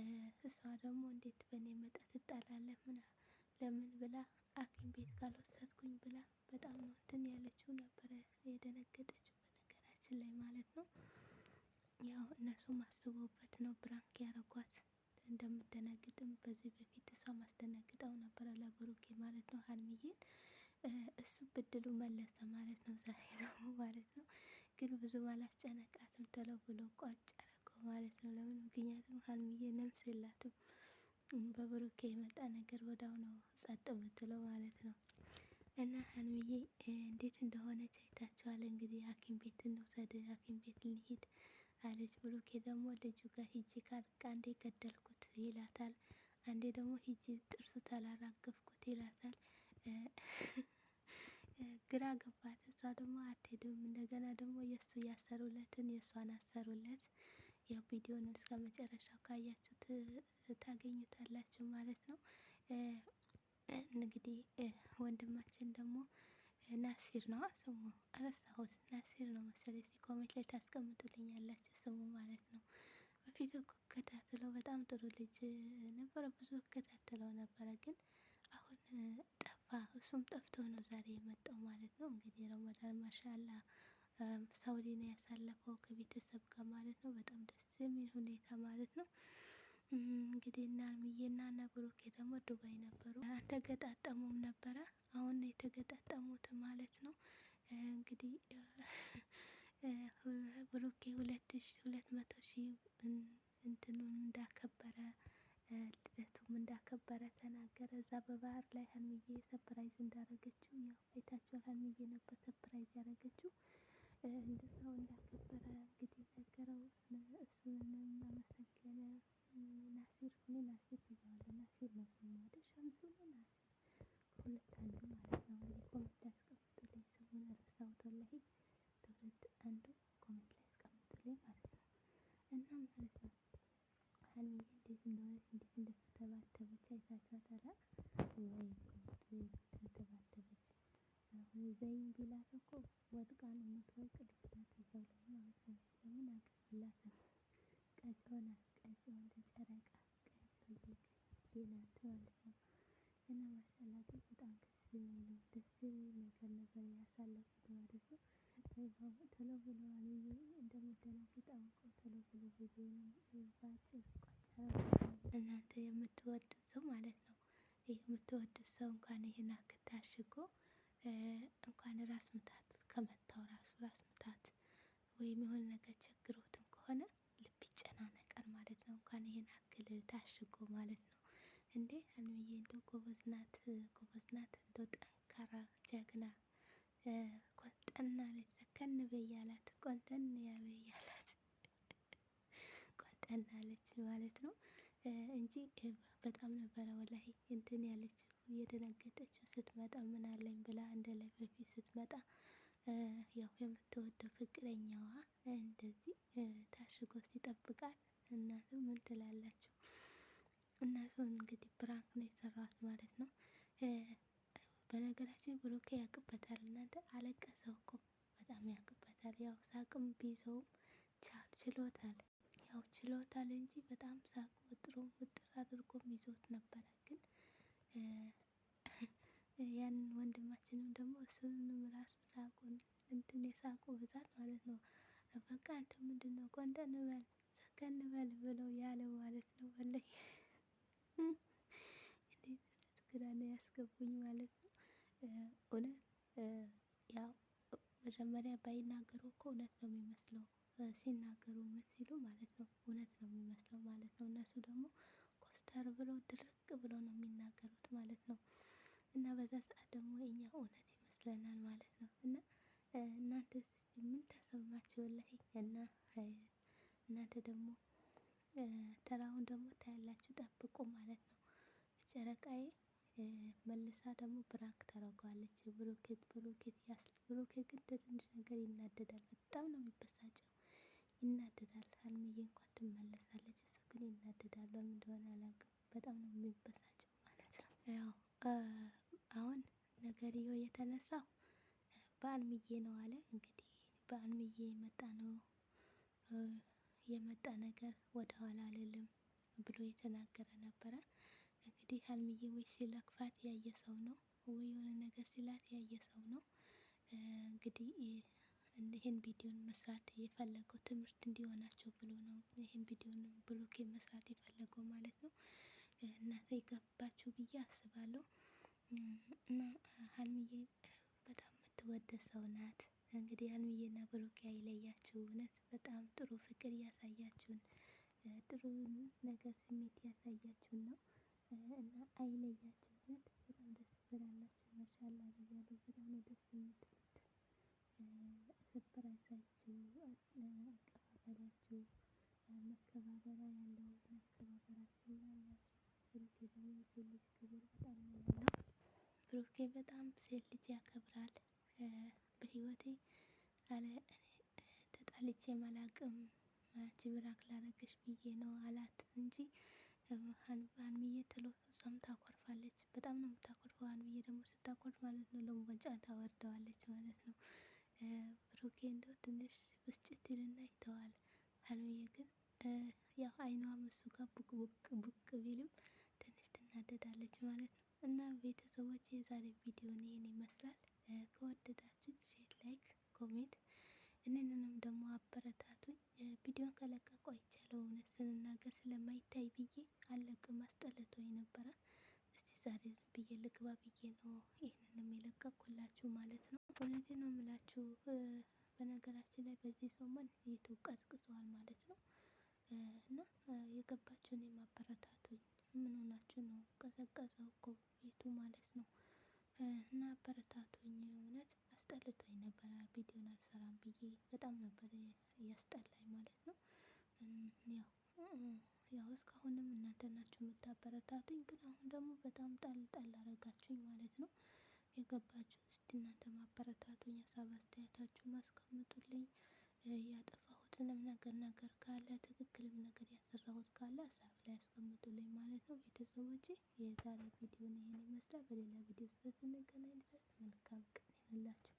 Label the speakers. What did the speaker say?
Speaker 1: አላት። እሷ ደግሞ እንዴት በእኔ መጠጥ ትጣላለህ? ለምን ብላ ሐኪም ቤት ካልወሰድኩኝ ብላ በጣም እንትን ያለችው ነበረ የደነገጠችው በነገራችን ላይ ማለት ነው። ያው እነሱ ማስበውበት ነው ብራንክ ያረጓት እንደምደነግጥም በዚህ በፊት እሷ ማስደነግጠው ነበረ ለብሩኬ ማለት ነው ሀልሚዬን እሱ ብድሉ መለሰ ማለት ነው ዛሬ ነው ማለት ነው። ግን ብዙ ባላስጨነቃትም ቶሎ ብሎ ቋጨ። ማለት ነው። ለምን ምክንያቱም ሀልሚዬ ነፍስ የላትም። በብሩኬ የመጣ ነገር ወዳው ነው ጸጥ የምትለው ማለት ነው። እና ሀልሚዬ እንዴት እንደሆነች አይታችኋል። እንግዲህ ሐኪም ቤት እንውሰድ፣ ሐኪም ቤት እንሂድ አለች። ብሩኬ ደግሞ ልጁ ጋር ሂጂ ካልክ አንዴ ገደልኩት ይላታል፣ አንዴ ደግሞ ሂጂ ጥርሱ ተላራገፍኩት ይላታል። ግራ ገባት። እሷ ደግሞ አትሄድም። እንደገና ደግሞ የእሱ ያሰሩለትን የእሷን አሰሩለት። ያው ቪዲዮን እስከ መጨረሻው ካያችሁ ታገኙታላችሁ ማለት ነው። እንግዲህ ወንድማችን ደግሞ ናሲር ነው ስሙ፣ አረሳሁት። ናሲር ነው መሰለኝ። ኮሜንት ላይ ታስቀምጡልኛላችሁ ስሙ ማለት ነው። በፊት እከታተለው በጣም ጥሩ ልጅ ነበረ፣ ብዙ እከታተለው ነበረ፣ ግን አሁን ጠፋ። እሱም ጠፍቶ ነው ዛሬ የመጣው ማለት ነው። እንግዲህ ረመዳን ማሻላ ሳውዲ ነው ያሳለፈው ከቤተሰብ ጋር ማለት ነው። በጣም ደስ የሚል ሁኔታ ማለት ነው። እንግዲህ እና አልሚዬና እና ብሩኬ ደግሞ ዱባይ ነበሩ። አልተገጣጠሙም ነበረ። አሁን ነው የተገጣጠሙት ማለት ነው። እንግዲህ ብሩኬ ሁለት ሺ ሁለት መቶ ሺ እንትኑን እንዳከበረ ልደቱም እንዳከበረ ተናገረ። እዛ በባህር ላይ ሀይሚዬ ሰፕራይዝ እንዳረገችው ያው አይታችኋል። ሀይሚዬ ነበር ሰፕራይዝ ያረገችው። እንደዛው እንዳከበረ እንግዲህ ነገረው። እሱንም አመሰገነ። ናሲር እኔ ናሲር ብያለሁ። ናሲር ነው ስሙ አይደል? ሸምሱ ነው ናሲር ከሁለት አንዱ ማለት ነው። እኔ ኮሜንት ላይ አስቀምጡልኝ ስሙን ረሳሁት ወላሂ። አንዱ ኮሜንት ላይ አስቀምጡልኝ ማለት ነው። እና ማለት ነው ሀይሚዬ እንዴት እንደሆነች እንዴት እንደተተባተበች አይታችሁ አግዘኝ ቢላት እኮ ወድቃ ነው የምትወድቅ ድፍረት እዛው ላይ ማለት ነው። ለምን አቅርብላታል ቀጭሆን አስቀጭሆን ተጨረቃ አስቀጭሆን ቢላት ማለት ነው። እና ማሻላት በጣም ደስ የሚል ደስ የሚል ነገር ነበር ያሳለፉት ማለት ነው። ቶሎ ብሎ አብዬ እንደምደነግጥ አውቀው ቶሎ ብሎ በአጭር እናንተ የምትወዱት ሰው ማለት ነው። የምትወዱት ሰው እንኳን ይህን አክል ታሽጎ እንኳን ራስ ምታት ከመታው ራሱ ራስ ምታት ወይም የሆነ ነገር ቸግሮትም ከሆነ ልብ ይጨናነቃል ማለት ነው። እንኳን ይህን አክል ታሽጎ ማለት ነው። እንዴ አንዬ እንደው ጎበዝ ናት ጎበዝ ናት እንደው ጠንካራ ጀግና ቆንጠና ልጅ ሰከን በይ ያላት ቆንጠን ያበይ ያላት ቆንጠና ልጅ ማለት ነው እንጂ በጣም ነበረ ወላሂ እንትን ያለችው እየደነገጠች ስትመጣ ምን አለኝ ብላ እንደ ላይ በፊት ስትመጣ ያው የምትወደው ፍቅረኛዋ እንደዚህ ታሽጎ ሲጠብቃት እናቱ ምን ትላላችሁ? እናቱን እንግዲህ ብራንክ ነው የሰራት ማለት ነው። በነገራችን ብሩኬ ያቅበታል እናንተ አለቀሰው እኮ በጣም ያቅበታል ያው ሳቅም ቢይዘውም ችሎታል ያው ችሎታል እንጂ በጣም ሳቅ ወጥሮ ውጥር አድርጎም ይዞት ነበረ ግን ያንን ወንድማችንም ደግሞ እሱንም ራሱ ሳቁን እንትን የሳቁ ብዛት ማለት ነው። በቃ አንተ ምንድን ነው ቆንጠን በል ሰከን በል ብለው ያለው ማለት ነው። ወላሂ እንዴት ግራ ነው ያስገቡኝ ማለት ነው። እውነት ያው መጀመሪያ ባይናገሩ እኮ እውነት ነው የሚመስለው ሲናገሩ ምን ሲሉ ማለት ነው እውነት ነው የሚመስለው ማለት ነው። እነሱ ደግሞ ኮስተር ብለው ድርቅ ብለው ነው የሚናገሩት ማለት ነው። እና በዛ ሰዓት ደግሞ የእኛ እውነት ይመስለናል ማለት ነው። እና እናንተ እስቲ ምን ተሰማችሁ? ወላሂ እና እናንተ ደግሞ ተራውን ደግሞ ታያላችሁ፣ ጠብቁ ማለት ነው። ጨረቃዬ መልሳ ደግሞ ብራክ ታደርገዋለች። ብሩኬት ብሩኬት ያስ ብሩኬ ግን ትንሽ ነገር ይናደዳል። በጣም ነው የሚበሳጨው፣ ይናደዳል። ሀይሚዬ እንኳን ትመለሳለች፣ እሱ ግን ይናደዳል። ለምን እንደሆነ አላውቅም። በጣም ነው የሚበሳጨው ማለት ነው ያው አሁን ነገርየው የተነሳው በአልምዬ ነው አለ። እንግዲህ በአልምዬ የመጣ ነው የመጣ ነገር ወደ ኋላ አልልም ብሎ የተናገረ ነበረ። እንግዲህ አልምዬ ወይ ሲለክፋት ያየ ሰው ነው ወይ የሆነ ነገር ሲላት ያየ ሰው ነው። እንግዲህ ይህን ቪዲዮን መስራት የፈለገው ትምህርት እንዲሆናቸው ብሎ ነው ይህን ቪዲዮን ብሎኬ መስራት የፈለገው ማለት ነው። እናንተ የገባችሁ ብዬ አስባለሁ። እና ሀልሚዬ በጣም የምትወደድ ሰው ናት። እንግዲህ ሀልሚዬና ብሩኬ አይለያችሁ። እውነት በጣም ጥሩ ፍቅር እያሳያችሁን፣ ጥሩ ነገር ስሜት እያሳያችሁን ነው እና አይለያችሁ። እውነት በጣም ደስ ትላላችሁ። ማሻላ ብያሉ በጣም ደስ የምትሉት። ሰርፕራይዛችሁ፣ አቀባበላችሁ፣ መከባበሪያ ያለው መከባበራችሁ ያላችሁ ብሩኬ ደግሞ ብሩኬ በጣም ሴት ልጅ ያከብራል። በህይወቴ አለ ተጣልቼ አላቅም። አንቺ ብራክ ላረገሽ ብዬ ነው አላት እንጂ ሀይሚዬ ቶሎ እሷም ታኮርፋለች። በጣም ነው የምታኮርፈው። ሀይሚዬ ደግሞ ስታኮርፍ ማለት ነው ለሙቀጫ ታወርደዋለች ማለት ነው። ብሩኬ እንደው ትንሽ ብስጭት ይልና ይተዋል። ሀይሚዬ ግን ያው አይኗም እሱ ጋር ቡቅ ቡቅ ቡቅ ቢልም ትንሽ ትናደዳለች ማለት ነው። እና ቤተሰቦች የዛሬ ቪዲዮን ይህን ይመስላል። ከወደዳችሁ ሼር፣ ላይክ፣ ኮሜንት እኔንም ደግሞ አበረታቱኝ። ቪዲዮን ከለቀቁ አይቻለሁ እውነት ስንናገር ስለማይታይ ብዬ አለቅም አስጠልቶ የነበረ እስቲ ዛሬ ዝም ብዬ ልግባ ብዬ ነው ይህንንም ማለት ነው። እውነቴ ነው የምላችሁ። በነገራችን ላይ በዚህ ሰሞን ዩቱብ ቀዝቅዟል ማለት ነው እና የገባችሁን የማበረ ቀዘቀዘው እኮ ቤቱ ማለት ነው። እና አበረታቱኝ። እውነት አስጠልቶኝ ነበረ ቪዲዮን አልሰራም ብዬ በጣም ነበር እያስጠላኝ ማለት ነው። ያው እስካሁንም እናንተ ናችሁ የምታበረታቱኝ፣ ግን አሁን ደግሞ በጣም ጣል ጣል አረጋችሁኝ ማለት ነው። የገባችሁ እስቲ እናንተ ማበረታቱኝ፣ ሀሳብ አስተያየታችሁን አስቀምጡልኝ። እያጠፋ የማልችልም ነገር ነገር ካለ ትክክልም ነገር ያሰራሁት ካለ ሀሳብ ላይ ያስቀምጡልኝ ማለት ነው። ቤተሰቦቼ የዛሬ ቪዲዮ ይህን ይመስላል። በሌላ ቪዲዮ እስከ ድረስ መልካም ቀን ይሁንላችሁ።